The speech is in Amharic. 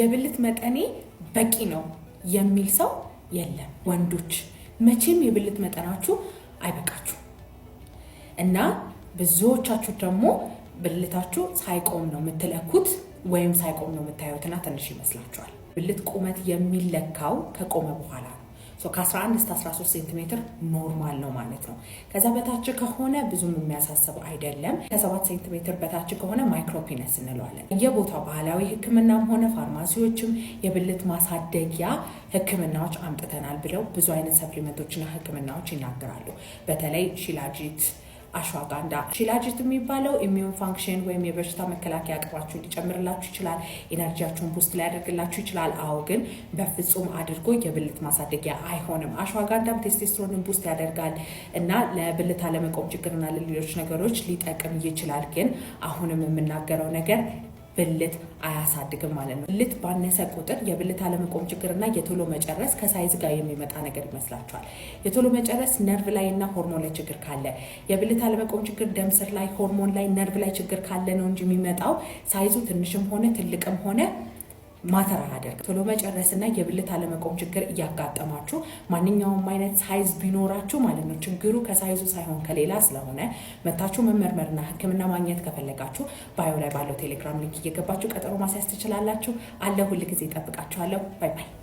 የብልት መጠኔ በቂ ነው የሚል ሰው የለም። ወንዶች መቼም የብልት መጠናችሁ አይበቃችሁ እና ብዙዎቻችሁ ደግሞ ብልታችሁ ሳይቆም ነው የምትለኩት ወይም ሳይቆም ነው የምታዩትና ትንሽ ይመስላችኋል። ብልት ቁመት የሚለካው ከቆመ በኋላ ከ11 እስከ 13 ሴንቲሜትር ኖርማል ነው ማለት ነው። ከዛ በታች ከሆነ ብዙም የሚያሳስብ አይደለም። ከ7 ሴንቲሜትር በታች ከሆነ ማይክሮፒነስ እንለዋለን። የቦታው ባህላዊ ሕክምናም ሆነ ፋርማሲዎችም የብልት ማሳደጊያ ሕክምናዎች አምጥተናል ብለው ብዙ አይነት ሰፕሊመንቶችና ሕክምናዎች ይናገራሉ። በተለይ ሽላጂት አሽዋጋንዳ ሽላጅት የሚባለው ኢሚዩን ፋንክሽን ወይም የበሽታ መከላከያ አቅማችሁን ሊጨምርላችሁ ይችላል። ኤነርጂያችሁን ቡስት ሊያደርግላችሁ ይችላል። አዎ፣ ግን በፍጹም አድርጎ የብልት ማሳደጊያ አይሆንም። አሽዋጋንዳም ቴስቴስትሮንን ቡስት ያደርጋል እና ለብልት አለመቆም ችግርና ለሌሎች ነገሮች ሊጠቅም ይችላል። ግን አሁንም የምናገረው ነገር ብልት አያሳድግም ማለት ነው። ብልት ባነሰ ቁጥር የብልት አለመቆም ችግርና የቶሎ መጨረስ ከሳይዝ ጋር የሚመጣ ነገር ይመስላችኋል? የቶሎ መጨረስ ነርቭ ላይ እና ሆርሞን ላይ ችግር ካለ፣ የብልት አለመቆም ችግር ደም ስር ላይ፣ ሆርሞን ላይ፣ ነርቭ ላይ ችግር ካለ ነው እንጂ የሚመጣው ሳይዙ ትንሽም ሆነ ትልቅም ሆነ ማተር አያደርግም። ቶሎ መጨረስና የብልት አለመቆም ችግር እያጋጠማችሁ ማንኛውም አይነት ሳይዝ ቢኖራችሁ ማለት ነው ችግሩ ከሳይዙ ሳይሆን ከሌላ ስለሆነ መታችሁ መመርመርና ሕክምና ማግኘት ከፈለጋችሁ ባዮ ላይ ባለው ቴሌግራም ሊንክ እየገባችሁ ቀጠሮ ማስያዝ ትችላላችሁ። አለ ሁል ጊዜ እጠብቃችኋለሁ። ባይ ባይ።